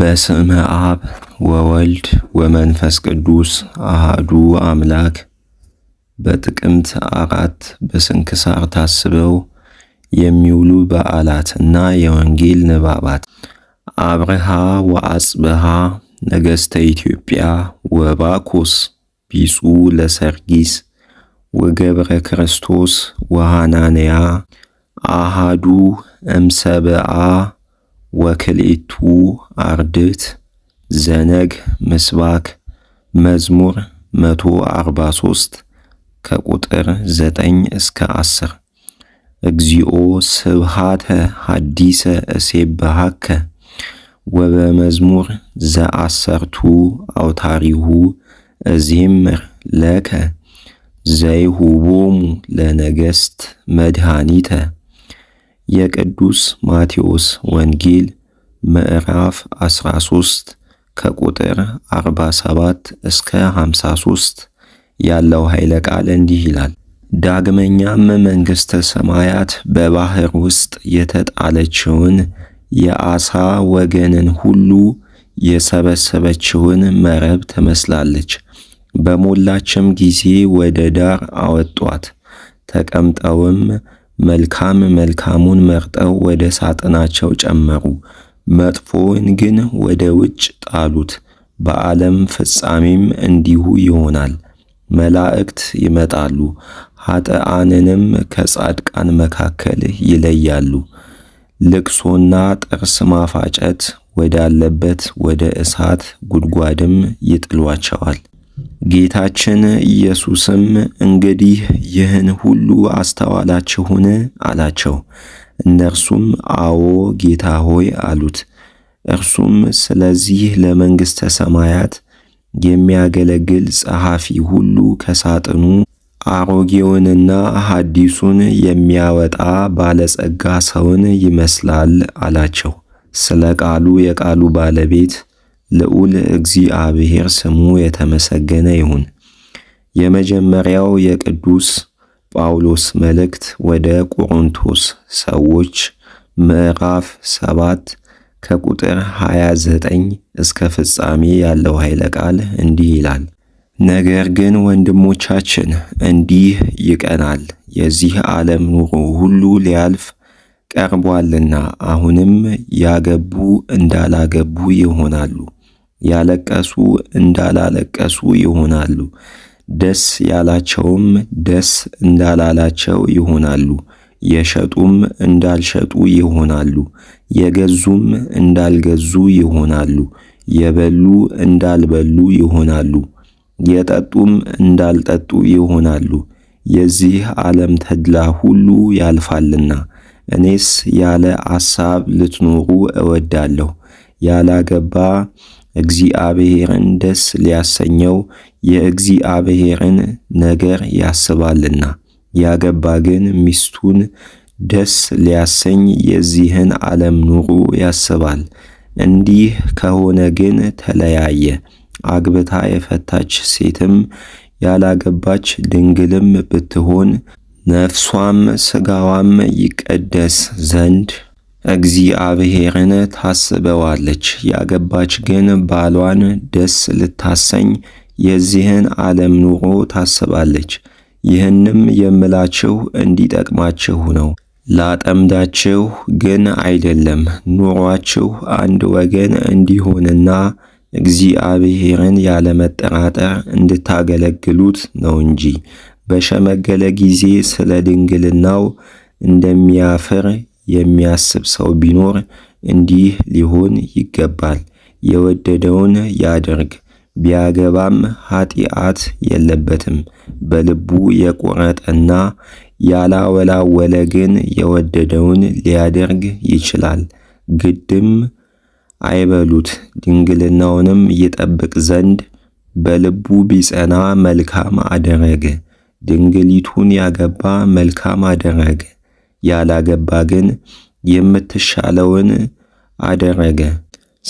በስምህ አብ ወወልድ ወመንፈስ ቅዱስ አህዱ አምላክ። በጥቅምት አራት በስንክሳር ታስበው የሚውሉ በዓላት እና የወንጌል ንባባት አብርሃ ወአጽብሃ ነገሥተ ኢትዮጵያ ወባኮስ ቢጹ ለሰርጊስ ወገብረ ክርስቶስ ወሃናንያ አሃዱ እምሰብአ ወክልኤቱ አርድት ዘነግ ምስባክ መዝሙር 143 ከቁጥር 9 እስከ 10 እግዚኦ ስብሃተ ሐዲሰ እሴብሐከ ወበመዝሙር ዘአሰርቱ አውታሪሁ እዜምር ለከ ዘይሁቦሙ ለነገሥት መድኃኒተ የቅዱስ ማቴዎስ ወንጌል ምዕራፍ 13 ከቁጥር 47 እስከ 53 ያለው ኃይለ ቃል እንዲህ ይላል። ዳግመኛም መንግሥተ ሰማያት በባሕር ውስጥ የተጣለችውን የዓሣ ወገንን ሁሉ የሰበሰበችውን መረብ ትመስላለች። በሞላችም ጊዜ ወደ ዳር አወጧት። ተቀምጠውም መልካም መልካሙን መርጠው ወደ ሳጥናቸው ጨመሩ፣ መጥፎውን ግን ወደ ውጭ ጣሉት። በዓለም ፍጻሜም እንዲሁ ይሆናል። መላእክት ይመጣሉ፣ ኃጥአንንም ከጻድቃን መካከል ይለያሉ። ልቅሶና ጥርስ ማፋጨት ወዳለበት ወደ እሳት ጉድጓድም ይጥሏቸዋል። ጌታችን ኢየሱስም እንግዲህ ይህን ሁሉ አስተዋላችሁን? አላቸው። እነርሱም አዎ ጌታ ሆይ አሉት። እርሱም ስለዚህ ለመንግሥተ ሰማያት የሚያገለግል ጸሐፊ ሁሉ ከሳጥኑ አሮጌውንና ሐዲሱን የሚያወጣ ባለጸጋ ሰውን ይመስላል አላቸው። ስለ ቃሉ የቃሉ ባለቤት ልዑል እግዚአብሔር ስሙ የተመሰገነ ይሁን። የመጀመሪያው የቅዱስ ጳውሎስ መልእክት ወደ ቆሮንቶስ ሰዎች ምዕራፍ 7 ከቁጥር 29 እስከ ፍጻሜ ያለው ኃይለ ቃል እንዲህ ይላል። ነገር ግን ወንድሞቻችን እንዲህ ይቀናል፣ የዚህ ዓለም ኑሮ ሁሉ ሊያልፍ ቀርቧልና፣ አሁንም ያገቡ እንዳላገቡ ይሆናሉ ያለቀሱ እንዳላለቀሱ ይሆናሉ፣ ደስ ያላቸውም ደስ እንዳላላቸው ይሆናሉ፣ የሸጡም እንዳልሸጡ ይሆናሉ፣ የገዙም እንዳልገዙ ይሆናሉ፣ የበሉ እንዳልበሉ ይሆናሉ፣ የጠጡም እንዳልጠጡ ይሆናሉ። የዚህ ዓለም ተድላ ሁሉ ያልፋልና እኔስ ያለ አሳብ ልትኖሩ እወዳለሁ። ያላገባ እግዚአብሔርን ደስ ሊያሰኘው የእግዚአብሔርን ነገር ያስባልና። ያገባ ግን ሚስቱን ደስ ሊያሰኝ የዚህን ዓለም ኑሮ ያስባል። እንዲህ ከሆነ ግን ተለያየ። አግብታ የፈታች ሴትም ያላገባች ድንግልም ብትሆን ነፍሷም ሥጋዋም ይቀደስ ዘንድ እግዚአብሔርን ታስበዋለች። ያገባች ግን ባሏን ደስ ልታሰኝ የዚህን ዓለም ኑሮ ታስባለች። ይህንም የምላችሁ እንዲጠቅማችሁ ነው፣ ላጠምዳችሁ ግን አይደለም። ኑሯችሁ አንድ ወገን እንዲሆንና እግዚአብሔርን ያለመጠራጠር እንድታገለግሉት ነው እንጂ በሸመገለ ጊዜ ስለ ድንግልናው እንደሚያፍር የሚያስብ ሰው ቢኖር እንዲህ ሊሆን ይገባል። የወደደውን ያድርግ፣ ቢያገባም ኃጢአት የለበትም። በልቡ የቆረጠና ያላወላወለ ግን የወደደውን ሊያደርግ ይችላል። ግድም አይበሉት፣ ድንግልናውንም ይጠብቅ ዘንድ በልቡ ቢጸና መልካም አደረገ። ድንግሊቱን ያገባ መልካም አደረገ። ያላገባ ግን የምትሻለውን አደረገ።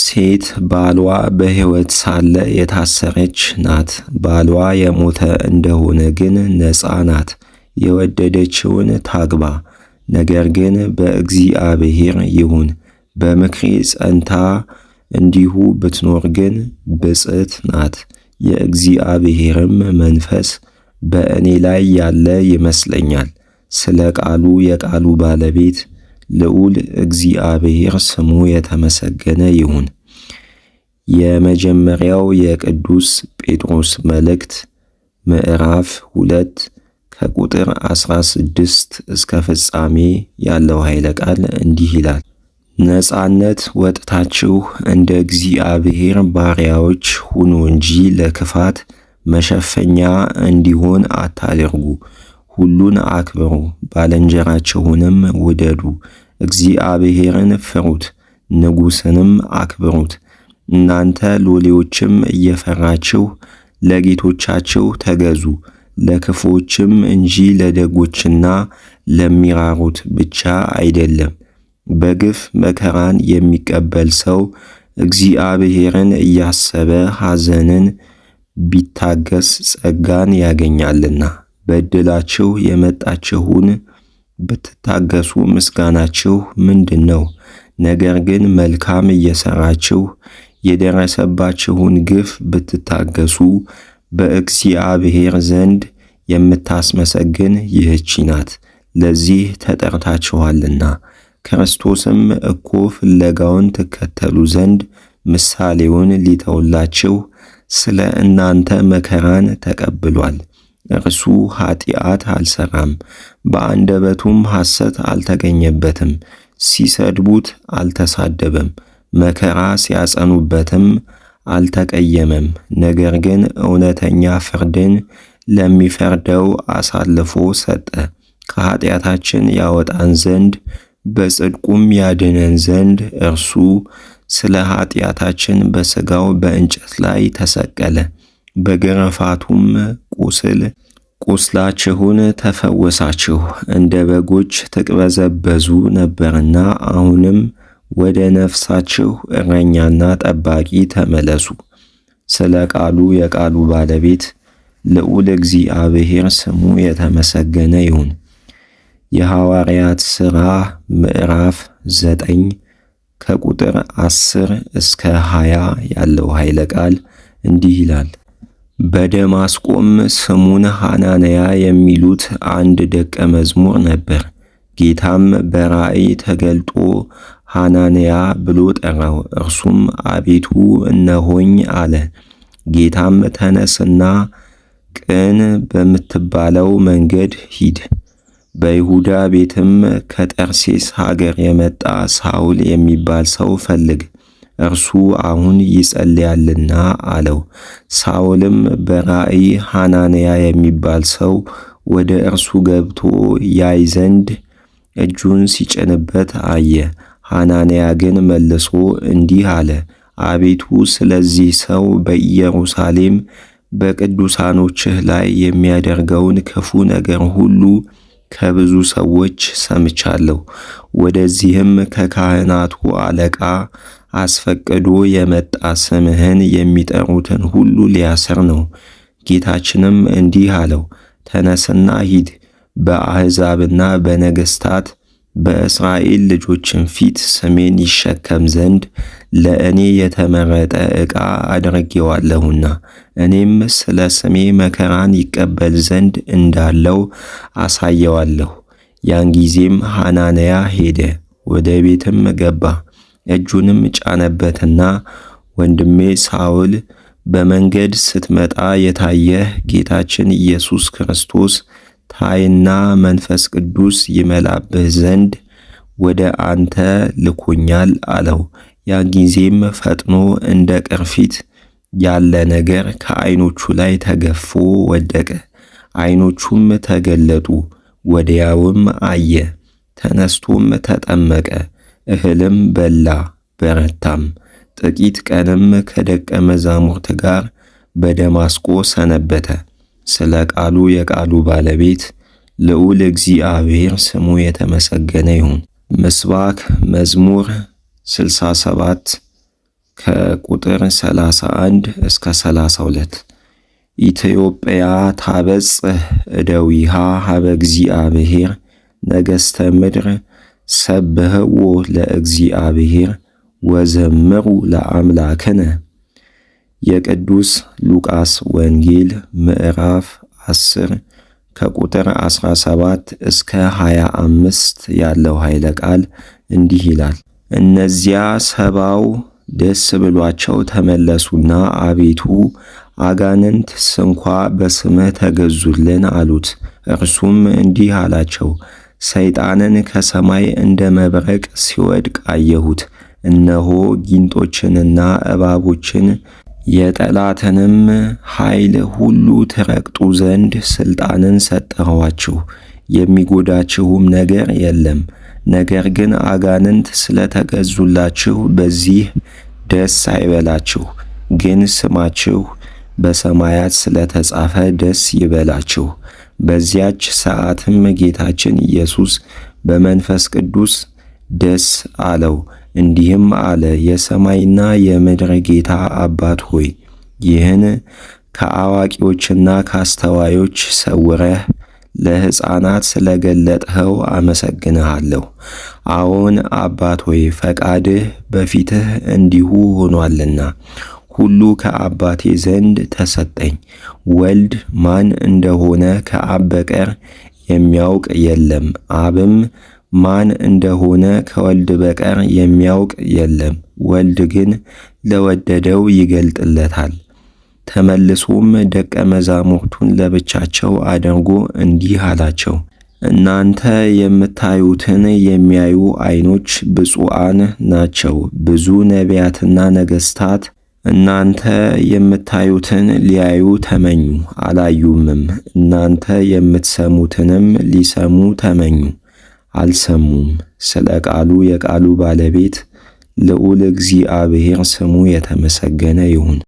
ሴት ባሏ በሕይወት ሳለ የታሰረች ናት። ባሏ የሞተ እንደሆነ ግን ነፃ ናት። የወደደችውን ታግባ፣ ነገር ግን በእግዚአብሔር ይሁን። በምክሪ ጸንታ እንዲሁ ብትኖር ግን ብጽት ናት። የእግዚአብሔርም መንፈስ በእኔ ላይ ያለ ይመስለኛል። ስለ ቃሉ የቃሉ ባለቤት ልዑል እግዚአብሔር ስሙ የተመሰገነ ይሁን። የመጀመሪያው የቅዱስ ጴጥሮስ መልእክት ምዕራፍ ሁለት ከቁጥር 16 እስከ ፍጻሜ ያለው ኃይለ ቃል እንዲህ ይላል። ነጻነት ወጥታችሁ እንደ እግዚአብሔር ባሪያዎች ሁኑ እንጂ ለክፋት መሸፈኛ እንዲሆን አታደርጉ። ሁሉን አክብሩ፣ ባልንጀራችሁንም ውደዱ፣ እግዚአብሔርን ፍሩት፣ ንጉሥንም አክብሩት። እናንተ ሎሌዎችም እየፈራችሁ ለጌቶቻችሁ ተገዙ፣ ለክፎችም እንጂ ለደጎችና ለሚራሩት ብቻ አይደለም። በግፍ መከራን የሚቀበል ሰው እግዚአብሔርን እያሰበ ሐዘንን ቢታገስ ጸጋን ያገኛልና። በዕድላችሁ የመጣችሁን ብትታገሱ ምስጋናችሁ ምንድን ነው? ነገር ግን መልካም እየሰራችሁ የደረሰባችሁን ግፍ ብትታገሱ በእግዚአብሔር ዘንድ የምታስመሰግን ይህች ናት። ለዚህ ተጠርታችኋልና ክርስቶስም እኮ ፍለጋውን ትከተሉ ዘንድ ምሳሌውን ሊተውላችሁ ስለ እናንተ መከራን ተቀብሏል። እርሱ ኃጢአት አልሰራም በአንደበቱም ሐሰት አልተገኘበትም። ሲሰድቡት አልተሳደበም፣ መከራ ሲያጸኑበትም አልተቀየመም። ነገር ግን እውነተኛ ፍርድን ለሚፈርደው አሳልፎ ሰጠ። ከኃጢአታችን ያወጣን ዘንድ በጽድቁም ያድነን ዘንድ እርሱ ስለ ኃጢአታችን በሥጋው በእንጨት ላይ ተሰቀለ። በገረፋቱም ቁስል ቁስላችሁን ተፈወሳችሁ፣ እንደ በጎች ትቅበዘበዙ ነበርና አሁንም ወደ ነፍሳችሁ እረኛና ጠባቂ ተመለሱ። ስለ ቃሉ የቃሉ ባለቤት ልዑል እግዚአብሔር ስሙ የተመሰገነ ይሁን። የሐዋርያት ሥራ ምዕራፍ ዘጠኝ ከቁጥር 10 እስከ ሀያ ያለው ኃይለ ቃል እንዲህ ይላል። በደማስቆም ስሙን ሐናንያ የሚሉት አንድ ደቀ መዝሙር ነበር። ጌታም በራእይ ተገልጦ ሐናንያ ብሎ ጠራው። እርሱም አቤቱ እነሆኝ አለ። ጌታም ተነስና ቅን በምትባለው መንገድ ሂድ፣ በይሁዳ ቤትም ከጠርሴስ ሀገር የመጣ ሳውል የሚባል ሰው ፈልግ እርሱ አሁን ይጸልያልና አለው። ሳኦልም በራእይ ሐናንያ የሚባል ሰው ወደ እርሱ ገብቶ ያይ ዘንድ እጁን ሲጭንበት አየ። ሐናንያ ግን መልሶ እንዲህ አለ፣ አቤቱ ስለዚህ ሰው በኢየሩሳሌም በቅዱሳኖችህ ላይ የሚያደርገውን ክፉ ነገር ሁሉ ከብዙ ሰዎች ሰምቻለሁ። ወደዚህም ከካህናቱ አለቃ አስፈቅዶ የመጣ ስምህን የሚጠሩትን ሁሉ ሊያስር ነው። ጌታችንም እንዲህ አለው፣ ተነስና ሂድ፣ በአሕዛብና በነገሥታት በእስራኤል ልጆችን ፊት ስሜን ይሸከም ዘንድ ለእኔ የተመረጠ ዕቃ አድርጌዋለሁና እኔም ስለ ስሜ መከራን ይቀበል ዘንድ እንዳለው አሳየዋለሁ። ያን ጊዜም ሐናንያ ሄደ፣ ወደ ቤትም ገባ። እጁንም ጫነበትና ወንድሜ ሳውል በመንገድ ስትመጣ የታየህ ጌታችን ኢየሱስ ክርስቶስ ታይና መንፈስ ቅዱስ ይመላብህ ዘንድ ወደ አንተ ልኮኛል አለው። ያን ጊዜም ፈጥኖ እንደ ቅርፊት ያለ ነገር ከዓይኖቹ ላይ ተገፎ ወደቀ። ዓይኖቹም ተገለጡ፣ ወዲያውም አየ። ተነስቶም ተጠመቀ። እህልም በላ በረታም። ጥቂት ቀንም ከደቀ መዛሙርት ጋር በደማስቆ ሰነበተ። ስለ ቃሉ የቃሉ ባለቤት ልዑል እግዚአብሔር ስሙ የተመሰገነ ይሁን። ምስባክ መዝሙር 67 ከቁጥር 31 እስከ 32 ኢትዮጵያ ታበጽህ እደዊሃ ሀበ እግዚአብሔር ነገሥተ ምድር ሰብህዎ ለእግዚአብሔር ወዘምሩ ለአምላክነ። የቅዱስ ሉቃስ ወንጌል ምዕራፍ 10 ከቁጥር 17 እስከ 25 ያለው ኃይለ ቃል እንዲህ ይላል። እነዚያ ሰባው ደስ ብሏቸው ተመለሱና አቤቱ አጋንንት ስንኳ በስምህ ተገዙልን አሉት። እርሱም እንዲህ አላቸው ሰይጣንን ከሰማይ እንደ መብረቅ ሲወድቅ አየሁት። እነሆ ጊንጦችንና እባቦችን የጠላትንም ኃይል ሁሉ ትረግጡ ዘንድ ሥልጣንን ሰጠኋችሁ፣ የሚጎዳችሁም ነገር የለም። ነገር ግን አጋንንት ስለተገዙላችሁ በዚህ ደስ አይበላችሁ፣ ግን ስማችሁ በሰማያት ተጻፈ ደስ ይበላችሁ። በዚያች ሰዓትም ጌታችን ኢየሱስ በመንፈስ ቅዱስ ደስ አለው፣ እንዲህም አለ፦ የሰማይና የምድር ጌታ አባት ሆይ ይህን ከአዋቂዎችና ከአስተዋዮች ሰውረህ ለሕፃናት ስለገለጥኸው አመሰግንሃለሁ። አዎን አባት ሆይ ፈቃድህ በፊትህ እንዲሁ ሆኗልና ሁሉ ከአባቴ ዘንድ ተሰጠኝ። ወልድ ማን እንደሆነ ከአብ በቀር የሚያውቅ የለም። አብም ማን እንደሆነ ከወልድ በቀር የሚያውቅ የለም። ወልድ ግን ለወደደው ይገልጥለታል። ተመልሶም ደቀ መዛሙርቱን ለብቻቸው አድርጎ እንዲህ አላቸው፣ እናንተ የምታዩትን የሚያዩ ዓይኖች ብፁዓን ናቸው። ብዙ ነቢያትና ነገሥታት እናንተ የምታዩትን ሊያዩ ተመኙ አላዩምም፣ እናንተ የምትሰሙትንም ሊሰሙ ተመኙ አልሰሙም። ስለ ቃሉ የቃሉ ባለቤት ልዑል እግዚአብሔር ስሙ የተመሰገነ ይሁን።